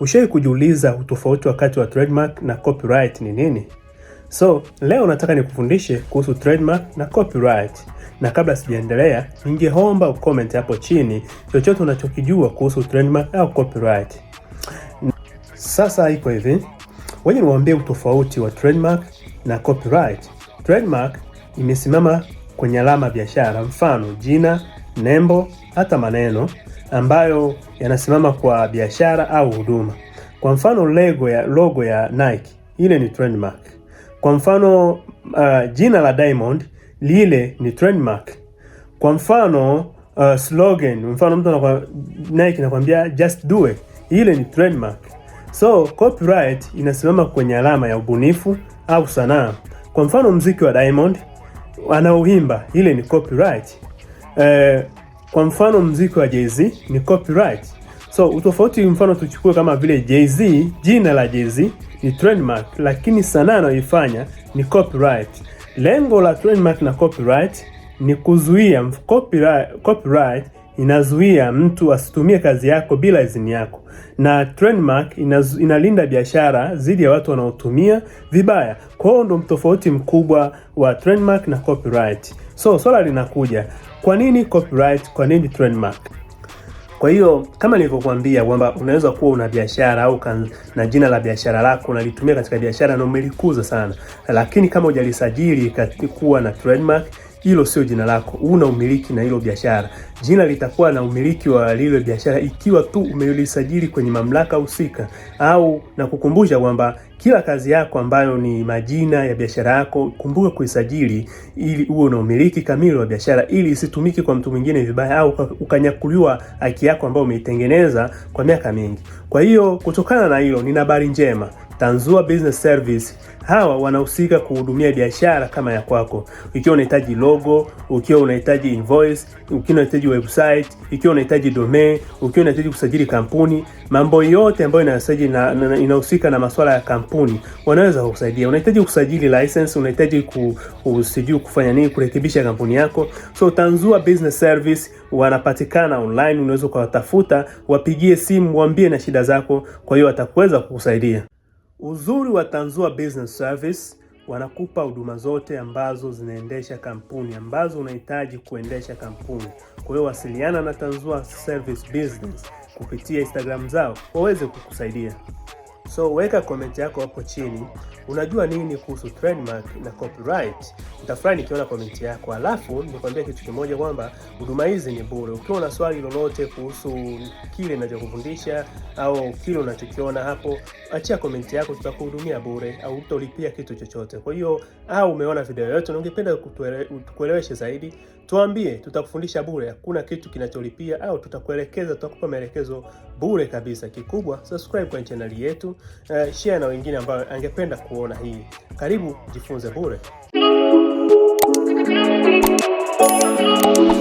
Ushawahi kujiuliza utofauti wakati wa trademark na copyright ni nini? So leo nataka nikufundishe kuhusu trademark na copyright, na kabla sijaendelea, ningeomba ucomment hapo chini chochote unachokijua kuhusu trademark au copyright. Sasa iko hivi, wewe niwaambie utofauti wa trademark na copyright. Trademark imesimama kwenye alama biashara, mfano jina nembo, hata maneno ambayo yanasimama kwa biashara au huduma. Kwa mfano logo ya, logo ya Nike ile ni trademark. Kwa mfano uh, jina la Diamond lile ni trademark. Kwa mfano uh, slogan, mfano mtu anakuwa Nike anakuambia just do it, ile ni trademark. So copyright inasimama kwenye alama ya ubunifu au sanaa. Kwa mfano mziki wa Diamond anaoimba, ile ni copyright eh, kwa mfano mziki wa Jay-Z ni copyright. So utofauti, mfano tuchukue kama vile Jay-Z, jina la Jay-Z ni trademark, lakini sanaa anayoifanya ni copyright. Lengo la trademark na copyright ni kuzuia copyright, copyright inazuia mtu asitumie kazi yako bila idhini yako, na trademark inaz, inalinda biashara dhidi ya watu wanaotumia vibaya. Kwa hiyo ndo mtofauti mkubwa wa trademark na copyright. So swala linakuja, kwa nini copyright? Kwa nini trademark? Kwa hiyo kama nilivyokuambia kwamba unaweza kuwa una biashara au kan, na jina la biashara lako unalitumia katika biashara na umelikuza sana, lakini kama hujalisajili kuwa na trademark hilo sio jina lako, una umiliki na hilo biashara. Jina litakuwa na umiliki wa lile biashara ikiwa tu umelisajili kwenye mamlaka husika, au na kukumbusha kwamba kila kazi yako ambayo ni majina ya biashara yako, kumbuka kuisajili ili uwe na umiliki kamili wa biashara, ili isitumike kwa mtu mwingine vibaya au ukanyakuliwa haki yako ambayo umeitengeneza kwa miaka mingi. Kwa hiyo kutokana na hilo, nina habari njema. Tanzua Business Service hawa wanahusika kuhudumia biashara kama ya kwako, ikiwa unahitaji logo, ukiwa unahitaji invoice, ukiwa unahitaji website, ikiwa unahitaji domain, ukiwa unahitaji kusajili kampuni, mambo yote ambayo inasajili na, na, na, inahusika na masuala ya kampuni, wanaweza kukusaidia. Unahitaji kusajili license, unahitaji kusijui kufanya nini, kurekebisha kampuni yako. So Tanzua Business Service wanapatikana online, unaweza ukawatafuta, wapigie simu, waambie na shida zako, kwa hiyo watakuweza kukusaidia. Uzuri wa Tanzua Business Service wanakupa huduma zote ambazo zinaendesha kampuni ambazo unahitaji kuendesha kampuni. Kwa hiyo wasiliana na Tanzua Service Business kupitia Instagram zao waweze kukusaidia. So weka comment yako hapo chini, unajua nini kuhusu trademark na copyright? Nitafurahi nikiona komenti yako. Alafu nikwambia kitu kimoja kwamba huduma hizi ni bure. Ukiwa na swali lolote kuhusu kile ninachokufundisha au kile unachokiona hapo, achia komenti yako, tutakuhudumia bure au utolipia kitu chochote. Kwa hiyo au umeona video yoyote na ungependa kutueleweshe zaidi, tuambie, tutakufundisha bure. Hakuna kitu kinacholipia au tutakuelekeza, tutakupa maelekezo bure kabisa. Kikubwa subscribe kwenye chaneli yetu, uh, share na wengine ambao angependa kuona hii. Karibu jifunze bure. Thank you.